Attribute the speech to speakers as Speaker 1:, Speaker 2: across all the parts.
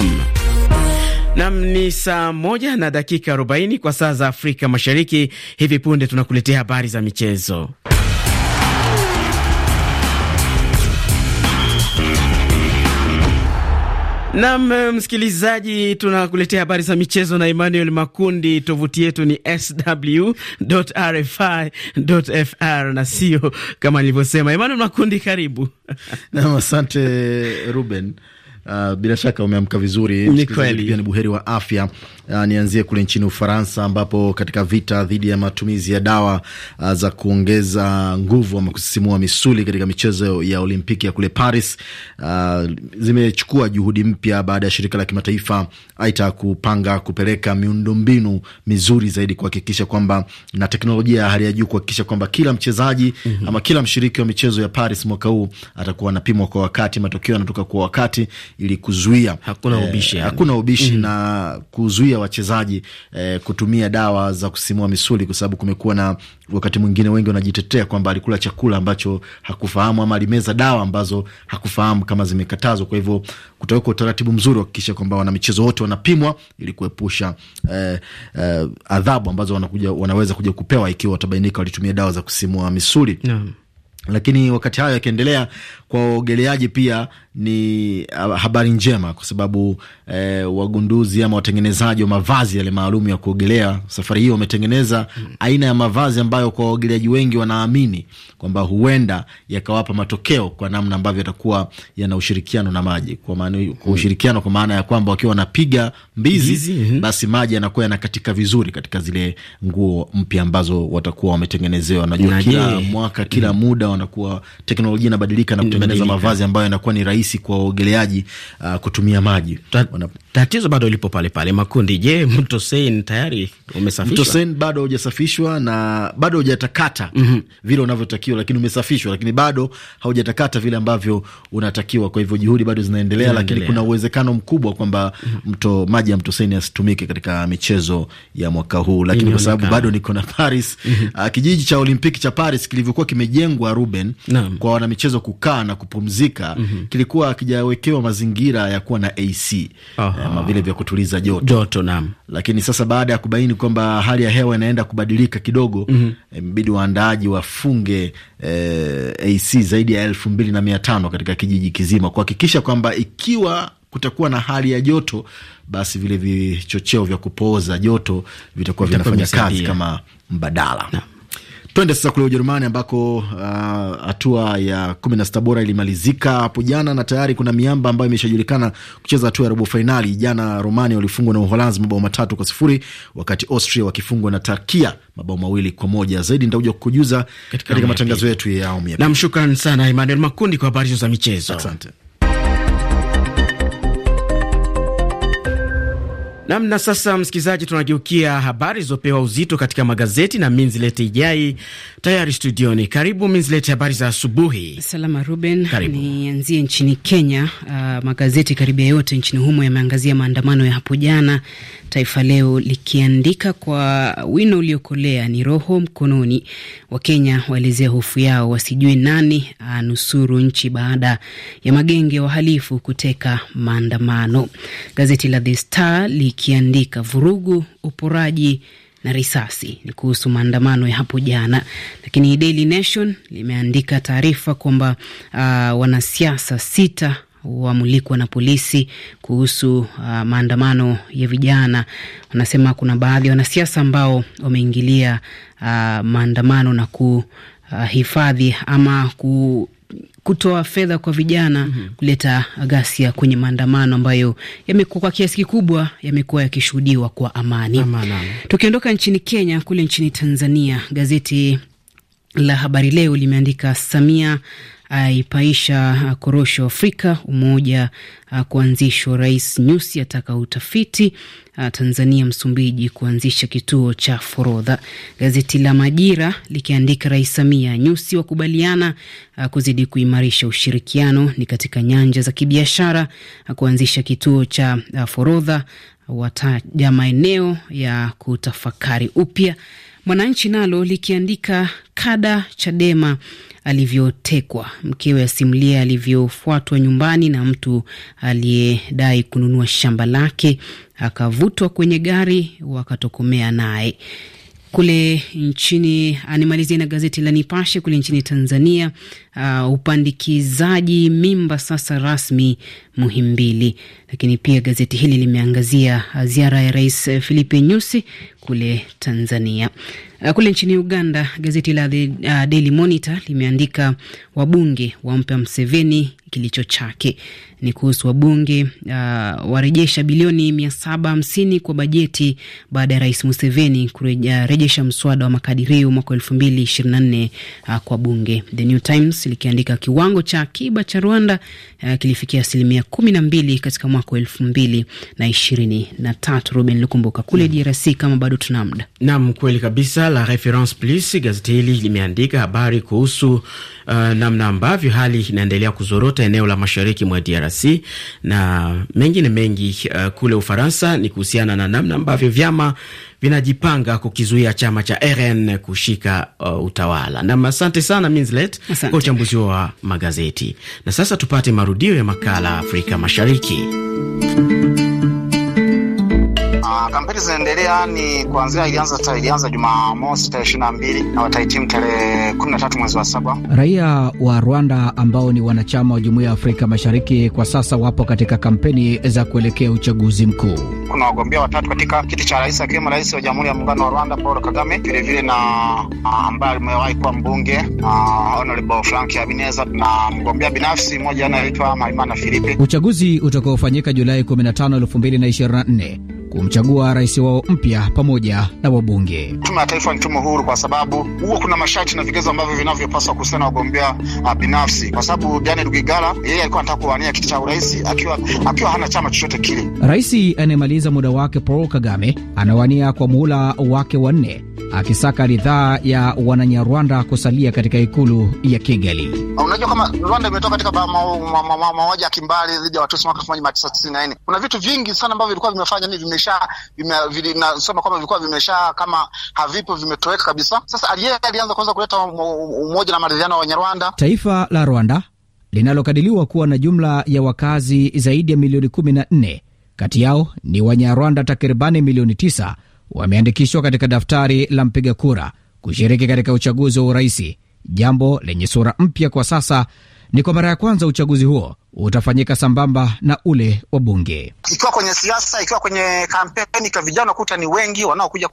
Speaker 1: com. Nam ni saa moja na dakika 40 kwa saa za Afrika Mashariki. Hivi punde tunakuletea habari za michezo. Nam msikilizaji, tunakuletea habari za michezo na Emmanuel Makundi. Tovuti yetu ni sw.rfi.fr na sio kama nilivyosema. Emmanuel Makundi, karibu.
Speaker 2: Nam asante Ruben. Uh, bila shaka umeamka vizuri, ni kweli pia ni buheri wa afya. Uh, nianzie kule nchini Ufaransa ambapo katika vita dhidi ya matumizi ya dawa uh, za kuongeza nguvu ama kusisimua misuli katika michezo ya Olimpiki ya kule Paris uh, zimechukua juhudi mpya baada ya shirika la kimataifa AITA kupanga kupeleka miundombinu mizuri zaidi kuhakikisha kwamba na teknolojia ya hali ya juu kuhakikisha kwamba kila mchezaji mm -hmm. ama kila mshiriki wa michezo ya Paris mwaka huu atakuwa anapimwa kwa wakati, matokeo yanatoka kwa wakati ili kuzuia hakuna eh, ubishi, eh, hakuna ubishi mm. na kuzuia wachezaji eh, kutumia dawa za kusimua misuli, kwa sababu kumekuwa na wakati mwingine wengi wanajitetea kwamba alikula chakula ambacho hakufahamu ama alimeza dawa ambazo hakufahamu kama zimekatazwa. Kwa hivyo kutawekwa utaratibu mzuri kuhakikisha kwamba wanamichezo wote wanapimwa ili kuepusha eh, eh, adhabu ambazo wanakuja, wanaweza kuja kupewa ikiwa watabainika walitumia dawa za kusimua misuli no. Lakini wakati hayo yakiendelea, kwa waogeleaji pia ni ah, habari njema, kwa sababu e, wagunduzi ama watengenezaji wa mavazi yale maalum ya kuogelea, safari hiyo wametengeneza aina ya mavazi ambayo kwa waogeleaji wengi wanaamini kwamba huenda yakawapa matokeo kwa namna ambavyo yatakuwa yana ushirikiano na maji, kwa maana kwa hmm. ushirikiano, kwa maana ya kwamba wakiwa wanapiga mbizi, mbizi, hmm. basi maji yanakuwa yanakatika vizuri katika zile nguo mpya ambazo watakuwa wametengenezewa. Najua kila mwaka kila muda na kuwa teknolojia inabadilika na kutengeneza mavazi ambayo yanakuwa ni rahisi kwa waogeleaji uh, kutumia maji. Ta,
Speaker 1: wana... Tatizo bado lipo pale pale makundi. Je, mto Sein tayari umesafishwa? Mto
Speaker 2: Sein bado hujasafishwa na bado hujatakata mm -hmm. vile unavyotakiwa, lakini umesafishwa, lakini bado haujatakata vile ambavyo unatakiwa. Kwa hivyo juhudi bado zinaendelea, zinaendelea. Lakini kuna uwezekano mkubwa kwamba mhm. mto maji ya mto Sein yasitumike katika michezo ya mwaka huu, lakini kwa sababu bado niko na Paris mm -hmm. uh, kijiji cha Olimpiki cha Paris kilivyokuwa kimejengwa Ruben na kwa wanamichezo kukaa na kupumzika mm -hmm. kilikuwa akijawekewa mazingira ya kuwa na AC eh, ama vile vya kutuliza joto, joto naam. Lakini sasa baada ya kubaini kwamba hali ya hewa inaenda kubadilika kidogo mm -hmm. mbidi waandaaji wafunge eh, AC zaidi ya elfu mbili na mia tano katika kijiji kizima kuhakikisha kwamba ikiwa kutakuwa na hali ya joto basi vile vichocheo vya kupooza joto vitakuwa vinafanya kazi kama mbadala na. Twende sasa kule Ujerumani ambako uh, hatua uh, ya kumi na sita bora ilimalizika hapo jana na tayari kuna miamba ambayo imeshajulikana kucheza hatua ya robo fainali. Jana Romania walifungwa na Uholanzi mabao matatu kwa sifuri wakati Austria wakifungwa na Turkia mabao mawili kwa moja. Zaidi nitakuja kukujuza katika, katika matangazo yetu ya awamu ya
Speaker 1: pili. sana Emmanuel Makundi kwa habari hizo za michezo. Asante. Namna sasa, msikilizaji, tunageukia habari zilizopewa uzito katika magazeti na Minzilete Ijai tayari studioni. Karibu Minzilete, habari za asubuhi.
Speaker 3: Salama Ruben, nianzie nchini Kenya. Uh, magazeti karibia yote nchini humo yameangazia maandamano ya hapo jana, Taifa Leo likiandika kwa wino uliokolea ni roho mkononi, Wakenya waelezea hofu yao, wasijue nani anusuru nchi baada ya magenge wahalifu kuteka maandamano. Gazeti la The Star ikiandika vurugu, uporaji na risasi ni kuhusu maandamano ya hapo jana, lakini Daily Nation limeandika taarifa kwamba uh, wanasiasa sita wamulikwa na polisi kuhusu uh, maandamano ya vijana. Wanasema kuna baadhi ya wanasiasa ambao wameingilia uh, maandamano na kuhifadhi ama ku kutoa fedha kwa vijana mhm. kuleta ghasia kwenye maandamano ambayo yamekuwa kwa kiasi kikubwa yamekuwa yakishuhudiwa kwa amani. Tukiondoka nchini Kenya, kule nchini Tanzania, gazeti la Habari Leo limeandika Samia aipaisha uh, korosho Afrika, umoja uh, kuanzishwa. Rais Nyusi ataka utafiti uh, Tanzania, Msumbiji kuanzisha kituo cha forodha. Gazeti la Majira likiandika Rais Samia Nyusi wakubaliana kuzidi kuimarisha ushirikiano ni katika nyanja za kibiashara, kuanzisha kituo cha forodha, wataja maeneo ya kutafakari upya Mwananchi nalo likiandika kada Chadema alivyotekwa, mkewe asimulia alivyofuatwa nyumbani na mtu aliyedai kununua shamba lake, akavutwa kwenye gari wakatokomea naye kule nchini. Ah, nimalizie na gazeti la Nipashe kule nchini Tanzania. Uh, upandikizaji mimba sasa rasmi Muhimbili. Lakini pia gazeti hili limeangazia uh, ziara ya Rais uh, Filipe Nyusi kule Tanzania. Uh, kule nchini Uganda, gazeti la The Daily Monitor limeandika wabunge wampa Mseveni kilicho chake. Ni kuhusu wabunge uh, warejesha bilioni mia saba hamsini kwa bajeti baada ya Rais Museveni kurejesha mswada wa makadirio mwaka elfu mbili ishirini na nne uh, kwa bunge. The New Times likiandika kiwango cha akiba cha Rwanda uh, kilifikia asilimia kumi na mbili katika mwaka wa elfu mbili na ishirini na tatu. Ruben Lukumbuka kule mm. DRC kama bado tuna mda nam, kweli
Speaker 1: kabisa. La Reference Plus, gazeti hili limeandika habari kuhusu uh, namna ambavyo hali inaendelea kuzorota eneo la mashariki mwa DRC na mengine mengi uh, kule Ufaransa ni kuhusiana na namna ambavyo vyama vinajipanga kukizuia chama cha RN kushika uh, utawala. Nam, asante sana Minslet kwa uchambuzi wa magazeti. Na sasa tupate marudio ya makala Afrika Mashariki
Speaker 4: kampeni zinaendelea ni kuanzia ilianza, ilianza Jumamosi tarehe ishirini na mbili na watahitimu tarehe kumi na tatu mwezi wa saba.
Speaker 5: Raia wa Rwanda ambao ni wanachama wa Jumuiya ya Afrika Mashariki kwa sasa wapo katika kampeni za kuelekea uchaguzi mkuu.
Speaker 4: Kuna wagombea watatu katika kiti cha rais akiwemo rais wa Jamhuri ya Muungano wa Rwanda Paul Kagame, vilevile na ambaye alimewahi kuwa mbunge Honorable Frank Habineza na mgombea binafsi mmoja anayeitwa Maimana Filipe.
Speaker 5: Uchaguzi utakaofanyika Julai 15, 2024 kumchagua rais wao mpya pamoja na wabunge.
Speaker 4: Tume ya Taifa ni tume huru, kwa sababu huo kuna masharti na vigezo ambavyo vinavyopaswa kuhusiana na wagombea ah, binafsi, kwa sababu Daniel Rwigara yeye alikuwa anataka kuwania kiti cha urais akiwa, akiwa hana chama chochote kile.
Speaker 5: Rais anayemaliza muda wake Paul Kagame anawania kwa muhula wake wanne akisaka ridhaa ya wananyarwanda kusalia katika ikulu ya Kigali. Ah,
Speaker 4: unajua kama Rwanda imetoka katika mauaji ma, ya kimbali dhidi ya Watusi mwaka elfu moja mia tisa tisini na nne. Kuna vitu vingi sana ambavyo vilikuwa vimefanya nini, vimesha vinasema kwamba vilikuwa vimesha kama havipo vimetoweka kabisa. Sasa aliye alianza kwanza kuleta umoja na maridhiano wa Wanyarwanda.
Speaker 5: Taifa la Rwanda linalokadiriwa kuwa na jumla ya wakazi zaidi ya milioni 14 kati yao ni Wanyarwanda takribani milioni 9 wameandikishwa katika daftari la mpiga kura kushiriki katika uchaguzi wa uraisi, jambo lenye sura mpya kwa sasa ni kwa mara ya kwanza uchaguzi huo utafanyika sambamba na ule wa bunge.
Speaker 6: Ikiwa
Speaker 4: kwenye siasa, ikiwa kwenye kampeni, kwa vijana kuta ni wengi wanaokuja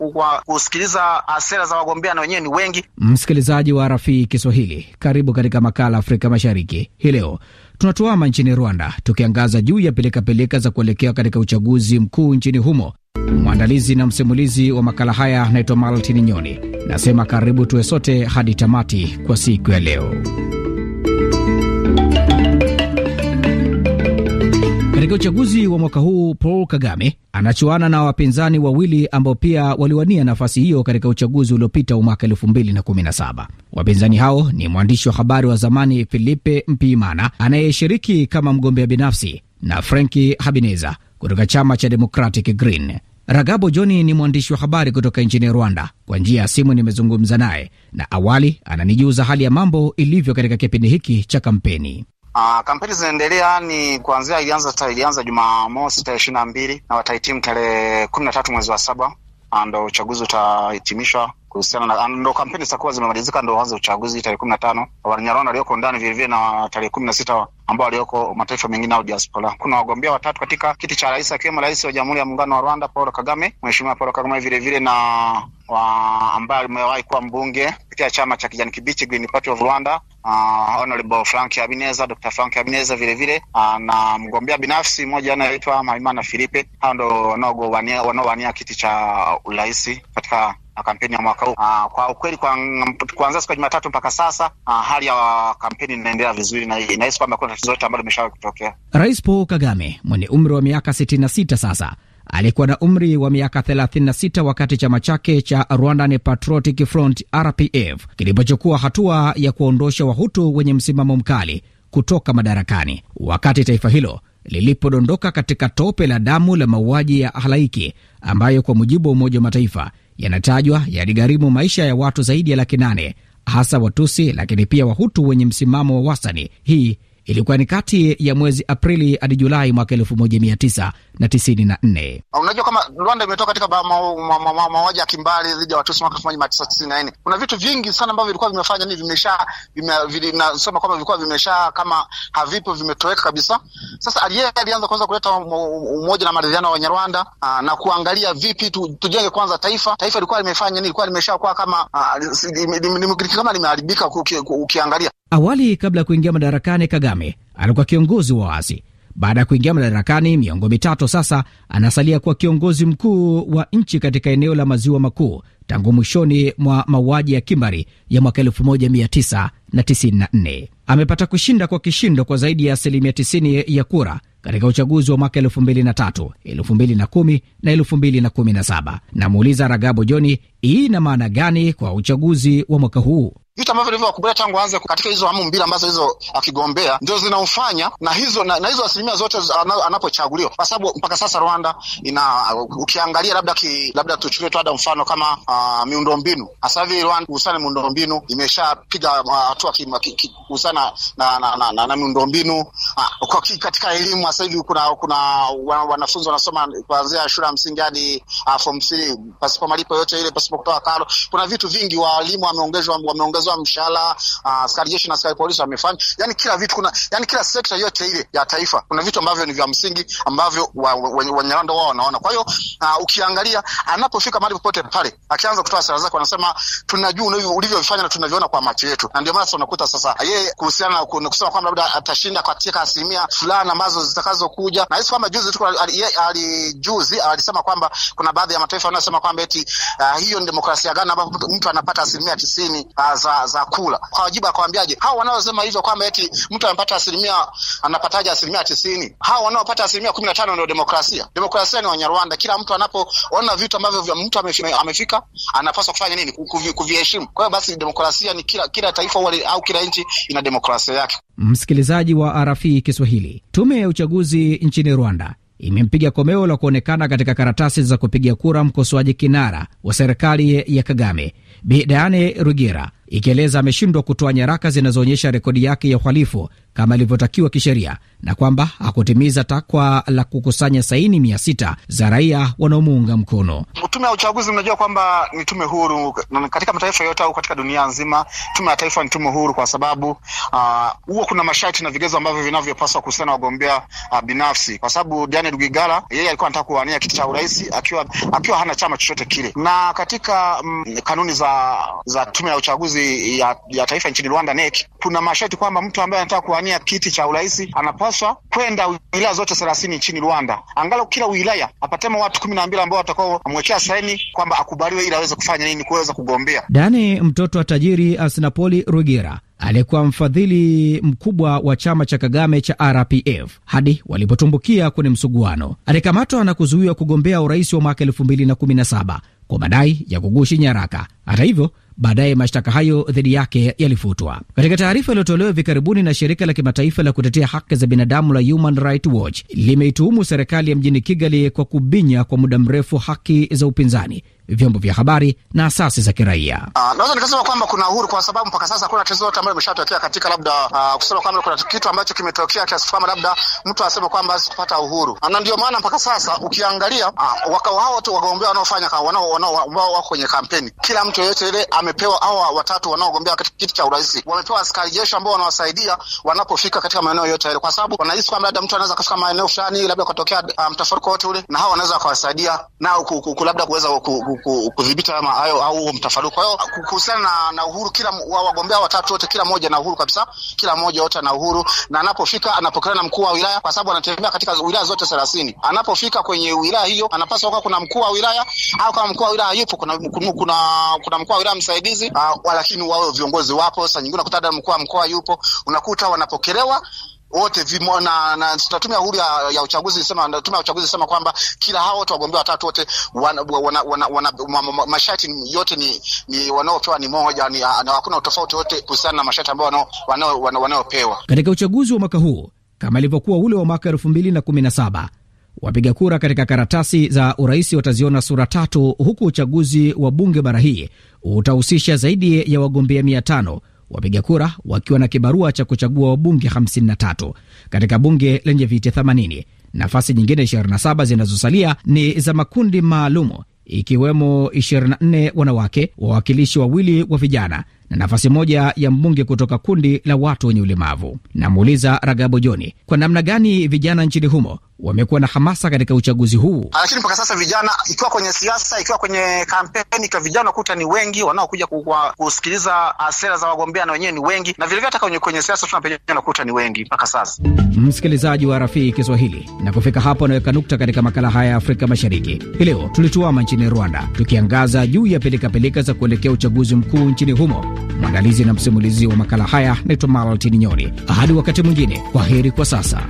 Speaker 4: kusikiliza
Speaker 5: ah, sera za wagombea na wenyewe ni wengi. Msikilizaji wa Rafii Kiswahili, karibu katika makala Afrika Mashariki. Hii leo tunatuama nchini Rwanda, tukiangaza juu ya pilikapilika za kuelekea katika uchaguzi mkuu nchini humo Mwandalizi na msimulizi wa makala haya anaitwa Maltini Nyoni. Nasema karibu tuwe sote hadi tamati kwa siku ya leo. Katika uchaguzi wa mwaka huu Paul Kagame anachuana na wapinzani wawili ambao pia waliwania nafasi hiyo katika uchaguzi uliopita wa mwaka 2017. Wapinzani hao ni mwandishi wa habari wa zamani Filipe Mpiimana anayeshiriki kama mgombea binafsi na Frenki Habineza kutoka chama cha Democratic Green. Ragabo Joni ni mwandishi wa habari kutoka nchini Rwanda. Kwa njia ya simu nimezungumza naye, na awali ananijuza hali ya mambo ilivyo katika kipindi hiki cha kampeni.
Speaker 4: Uh, kampeni zinaendelea ni kuanzia ilianza, ilianza Jumamosi tarehe ishirini na mbili na watahitimu tarehe kumi na tatu mwezi wa saba, ah, ndo uchaguzi utahitimishwa kuhusiana na ndo kampeni zitakuwa zimemalizika, ndo wanze uchaguzi tarehe kumi na tano Wanyarwanda walioko ndani vilevile na tarehe kumi na sita ambao walioko mataifa mengine au diaspora. Kuna wagombea watatu katika kiti cha rais, akiwemo rais wa Jamhuri ya Muungano wa Rwanda Paul Kagame, Mheshimiwa Paul Kagame vilevile na ambaye amewahi kuwa mbunge kupitia chama cha kijani kibichi Green Party of Rwanda, uh, Honorable Frank Habineza, Dr. Frank Habineza vile vile uh, na mgombea binafsi mmoja anaitwa Maimana Filipe. Hao ndo wanaowania kiti cha urais katika kampeni ya mwaka huu. Ah, kwa ukweli, kuanzia siku ya Jumatatu mpaka sasa aa, hali ya kampeni inaendelea vizuri na inahisi kwamba kuna tatizo yote ambalo limeshawahi kutokea.
Speaker 5: Rais Paul Kagame mwenye umri wa miaka sitini na sita sasa alikuwa na umri wa miaka 36 wakati chama chake cha Rwandan Patriotic Front RPF kilipochukua hatua ya kuondosha Wahutu wenye msimamo mkali kutoka madarakani, wakati taifa hilo lilipodondoka katika tope la damu la mauaji ya halaiki ambayo kwa mujibu wa Umoja wa Mataifa yanatajwa yaligharimu maisha ya watu zaidi ya laki nane hasa Watusi, lakini pia Wahutu wenye msimamo wa wastani, hii ilikuwa ni kati ya mwezi Aprili hadi Julai mwaka elfu moja mia tisa na tisini na nne.
Speaker 4: Unajua kama Rwanda imetoka katika mauaji ya kimbali dhidi ya Watusi mwaka elfu moja mia tisa tisini na nne. Kuna vitu vingi sana ambavyo vilikuwa vimefanya ni vimesha vinasema kwamba vilikuwa vimesha kama havipo vimetoweka kabisa. Sasa aliye alianza kwanza kuleta umoja na maridhiano ya Wanyarwanda na kuangalia vipi tu, tujenge kwanza taifa. Taifa ilikuwa limefanya nini? Ilikuwa kuwa kama kama limeharibika ukiangalia
Speaker 5: Awali kabla ya kuingia madarakani, Kagame alikuwa kiongozi wa waasi. Baada ya kuingia madarakani, miongo mitatu sasa, anasalia kuwa kiongozi mkuu wa nchi katika eneo la maziwa makuu, tangu mwishoni mwa mauaji ya kimbari ya mwaka 1994. Amepata kushinda kwa kishindo kwa zaidi ya asilimia 90 ya kura katika uchaguzi wa mwaka 2003, 2010 na 2017. Namuuliza Ragabo Joni, hii ina maana gani kwa uchaguzi wa mwaka huu?
Speaker 4: vitu ambavyo livyowakubalia tangu aanze katika hizo hamu mbili ambazo hizo akigombea ndio zinaufanya na hizo na, na hizo asilimia zote anapochaguliwa, kwa sababu mpaka sasa Rwanda ina uh, ukiangalia labda ki, labda tuchukue tu ada mfano kama uh, uh, miundombinu hasa hivi Rwanda kuhusiana na miundombinu imeshapiga uh, hatua kuhusiana na, na, na, na, na miundombinu uh, katika elimu hasa hivi kuna, kuna wanafunzi wanasoma kuanzia shule ya msingi hadi uh, form three pasipo malipo yote ile, pasipo kutoa karo. Kuna vitu vingi, walimu wameongezwa, wameongezewa mshahara, uh, askari uh, jeshi na askari polisi wamefanya, yani kila vitu kuna, yani kila sekta yote ile ya taifa kuna vitu ambavyo ni vya msingi ambavyo Wanyarwanda wa, wa, wa, wao wanaona. Kwa hiyo uh, ukiangalia anapofika mahali popote pale wakishaanza kutoa sera zake wanasema tunajua ulivyovifanya na tunavyoona kwa macho yetu, na ndio maana sasa unakuta sasa yeye kuhusiana na kusema kwamba labda atashinda katika asilimia fulani ambazo zitakazokuja, na hisi kwamba juzi tu alijuzi alisema kwamba kuna baadhi ya mataifa wanasema kwamba eti uh, hiyo ni demokrasia gani ambapo mtu anapata asilimia tisini uh, za, za kula kwa wajibu. Akawambiaje hao wanaosema hivyo kwamba eti mtu anapata asilimia anapataje asilimia tisini? Hao wanaopata asilimia kumi na tano ndio demokrasia. Demokrasia ni Wanyarwanda, kila mtu anapoona vitu ambavyo mtu amefika anapaswa kufanya nini? Kuviheshimu. Kwa hiyo basi demokrasia ni kila, kila taifa wali, au kila nchi ina demokrasia yake.
Speaker 5: Msikilizaji wa RFI Kiswahili, tume ya uchaguzi nchini Rwanda imempiga komeo la kuonekana katika karatasi za kupiga kura mkosoaji kinara wa serikali ya Kagame Bi Diane ikieleza ameshindwa kutoa nyaraka zinazoonyesha rekodi yake ya uhalifu kama ilivyotakiwa kisheria na kwamba hakutimiza takwa la kukusanya saini mia sita za raia wanaomuunga mkono.
Speaker 4: Tume ya uchaguzi, mnajua kwamba ni tume huru katika mataifa yote au katika dunia nzima. Tume ya taifa ni tume huru kwa sababu huo, uh, kuna masharti na vigezo ambavyo vinavyopaswa kuhusiana wagombea uh, binafsi, kwa sababu Daniel Rwigara yeye alikuwa anataka kuwania kiti cha urais akiwa akiwa hana chama chochote kile, na katika mm, kanuni za za tume ya uchaguzi Tume ya, ya Taifa nchini Rwanda NEC, kuna masharti kwamba mtu ambaye anataka kuwania kiti cha urais anapaswa kwenda wilaya zote thelathini nchini Rwanda, angalau kila wilaya apatema watu kumi na mbili ambao watakao amwekea saini kwamba akubaliwe ili aweze kufanya nini, kuweza kugombea.
Speaker 5: Dani mtoto wa tajiri asinapoli Rugira aliyekuwa mfadhili mkubwa wa chama cha Kagame cha RPF hadi walipotumbukia kwenye msuguano. Alikamatwa na kuzuiwa kugombea urais wa mwaka elfu mbili na kumi na saba kwa madai ya kugushi nyaraka. Hata hivyo baadaye mashtaka hayo dhidi yake yalifutwa. Katika taarifa iliyotolewa hivi karibuni na shirika la kimataifa la kutetea haki za binadamu la Human Rights Watch, limeituhumu serikali ya mjini Kigali kwa kubinya kwa muda mrefu haki za upinzani vyombo vya habari na asasi za kiraia.
Speaker 4: Ah, naweza nikasema kwamba kuna uhuru kwa sababu mpaka sasa hakuna tatizo lote ambalo limeshatokea katika labda uh, kusema kwamba kuna kitu ambacho kimetokea kiasi kwamba labda mtu aseme kwamba hawezi kupata uhuru, ah, na ndio maana mpaka sasa ukiangalia uh, wakao hao watu wagombea wanaofanya ambao wako kwenye kampeni, kila mtu yoyote ile amepewa, hawa watatu wanaogombea katika kiti cha urais wamepewa askari jeshi ambao wanawasaidia wanapofika katika maeneo yote yale, kwa sababu wanahisi kwamba labda mtu anaweza kafika maeneo fulani, labda katokea mtafaruko um, wote ule, na hawa wanaweza wakawasaidia nao labda kuweza kudhibiti haya hayo au huo mtafaruku. Kwa hiyo kuhusiana na, na uhuru kila wa wagombea watatu wote, kila mmoja na uhuru kabisa, kila mmoja wote na uhuru, na anapofika anapokelewa na mkuu wa wilaya, kwa sababu anatembea katika wilaya zote thelathini. Anapofika kwenye wilaya hiyo anapaswa kuwa kuna mkuu wa wilaya au kama mkuu wa wilaya yupo kuna, kuna, kuna, kuna mkuu wa wilaya msaidizi, ah, lakini wao viongozi wapo. Saa nyingine unakuta mkuu wa mkoa yupo, unakuta wanapokelewa wote vimo, na, na tunatumia huru ya, ya uchaguzi sema, tume ya uchaguzi sema kwamba kila hao watu wagombea watatu wote wana, wana, wana, wana, masharti yote ni, ni wanaopewa ni moja ni, na hakuna utofauti wote kuhusiana na masharti ambayo wanaopewa
Speaker 5: katika uchaguzi wa mwaka huu kama ilivyokuwa ule wa mwaka elfu mbili na kumi na saba. Wapiga kura katika karatasi za urais wataziona sura tatu, huku uchaguzi wa bunge bara hii utahusisha zaidi ya wagombea mia tano wapiga kura wakiwa na kibarua cha kuchagua wabunge 53 katika bunge lenye viti 80. Nafasi nyingine 27 zinazosalia ni za makundi maalumu ikiwemo 24 wanawake, wawakilishi wawili wa vijana na nafasi moja ya mbunge kutoka kundi la watu wenye ulemavu. Namuuliza Ragabo Joni kwa namna gani vijana nchini humo wamekuwa na hamasa katika uchaguzi huu.
Speaker 4: Lakini mpaka sasa vijana, ikiwa kwenye siasa, ikiwa kwenye kampeni, kwa vijana unakuta ni wengi wanaokuja kusikiliza ah, sera za wagombea, na wenyewe ni wengi, na vilevile hata kwenye, kwenye siasa vijana unakuta ni
Speaker 1: wengi mpaka sasa.
Speaker 5: Msikilizaji wa Rafii Kiswahili, na kufika hapo anaweka nukta katika makala haya ya Afrika Mashariki hii leo. Tulituama nchini Rwanda tukiangaza juu ya pilikapilika za kuelekea uchaguzi mkuu nchini humo Mwandalizi na msimulizi wa makala haya naitwa Maltin Nyoni. Hadi wakati mwingine, kwa heri kwa sasa.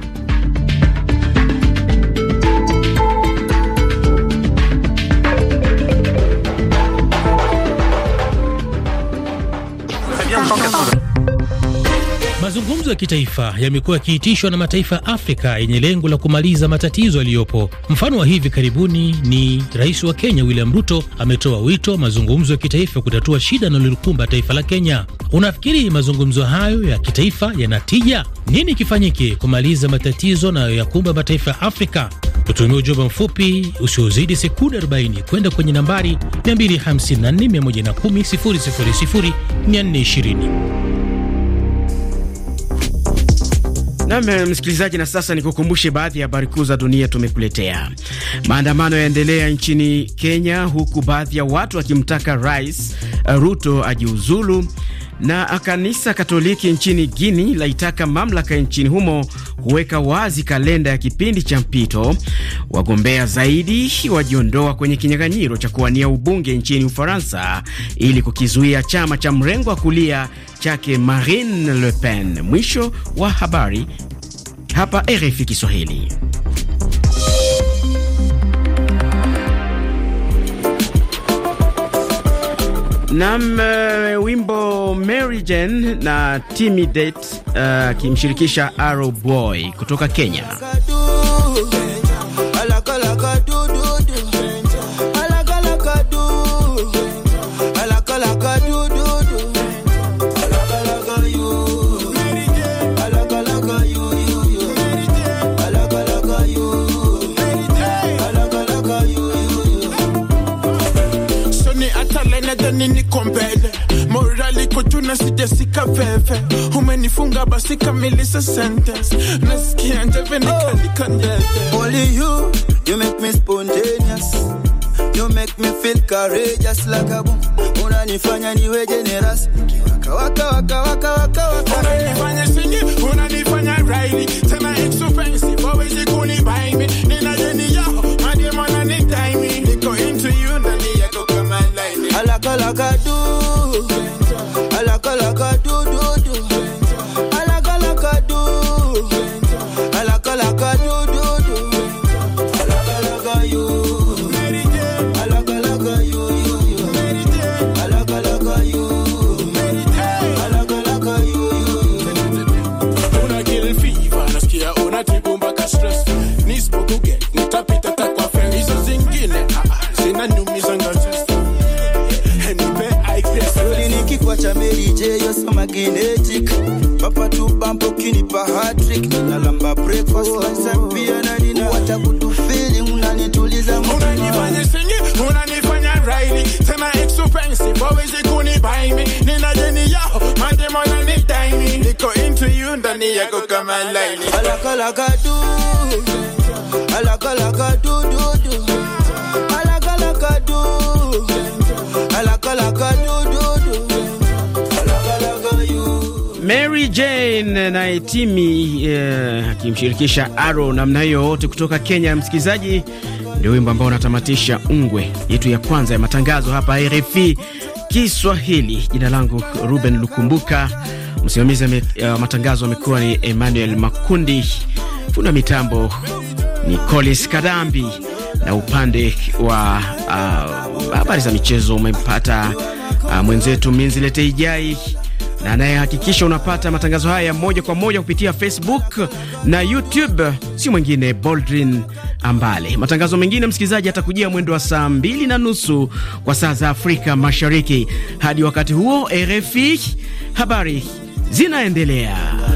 Speaker 2: Mazungumzo ya kitaifa yamekuwa yakiitishwa na mataifa ya Afrika yenye lengo la kumaliza matatizo yaliyopo. Mfano wa hivi karibuni ni rais wa Kenya William Ruto ametoa wito wa mazungumzo ya kitaifa kutatua shida linalokumba taifa la Kenya. Unafikiri mazungumzo hayo ya kitaifa yana tija? Nini kifanyike kumaliza matatizo nayoyakumba mataifa ya Afrika? utumia ujumbe mfupi usiozidi sekunde 40 kwenda kwenye nambari 254 110
Speaker 1: 000 420. Nam eh, msikilizaji, na sasa nikukumbushe baadhi ya habari kuu za dunia tumekuletea. Maandamano yaendelea nchini Kenya, huku baadhi ya watu wakimtaka Rais eh, Ruto ajiuzulu, na kanisa Katoliki nchini Guini laitaka mamlaka nchini humo kuweka wazi kalenda ya kipindi cha mpito. Wagombea zaidi wajiondoa kwenye kinyang'anyiro cha kuwania ubunge nchini Ufaransa ili kukizuia chama cha mrengo wa kulia chake Marine Le Pen. Mwisho wa habari hapa RFI Kiswahili. Nam uh, wimbo Mary Jane na Timmy Date eh, akimshirikisha uh, Arrow Boy kutoka Kenya.
Speaker 6: binadamu niko mbele, morali kujuna sijasika veve, umenifunga basi kamilisha sentence, nasikia njeve nikalika oh. ndete. you, make me feel courageous like a boom, unanifanya niwe generous waka waka waka waka waka unanifanya singi unanifanya raili tena expensive always you kunibaini ninaje I do. I like all I can do. do. magnetic papa tu bambo bampo kinipa hatrick lamba breakfast oh, lunch time pia na nina watakutu feeling unanituliza unanifanya singi unanifanya raini tena expensive always me nina jeni yao mande mwana ni time niko into you ndani yako kama laini alakalaka du alakalaka du du du alakalaka du alakalaka du du
Speaker 1: Jane na Timi eh, akimshirikisha eh, Aro namna hiyo, wote kutoka Kenya. Msikilizaji, ndio wimbo ambao unatamatisha ungwe yetu ya kwanza ya matangazo hapa RFI Kiswahili. Jina langu Ruben Lukumbuka, msimamizi wa uh, matangazo amekuwa ni Emmanuel Makundi, funa mitambo ni Collins Kadambi, na upande wa uh, habari za michezo umempata uh, mwenzetu Minzilete Ijai na anayehakikisha unapata matangazo haya moja kwa moja kupitia Facebook na YouTube si mwingine Boldrin Ambale. Matangazo mengine, msikilizaji, atakujia mwendo wa saa mbili na nusu kwa saa za Afrika Mashariki. Hadi wakati huo, RFI habari zinaendelea.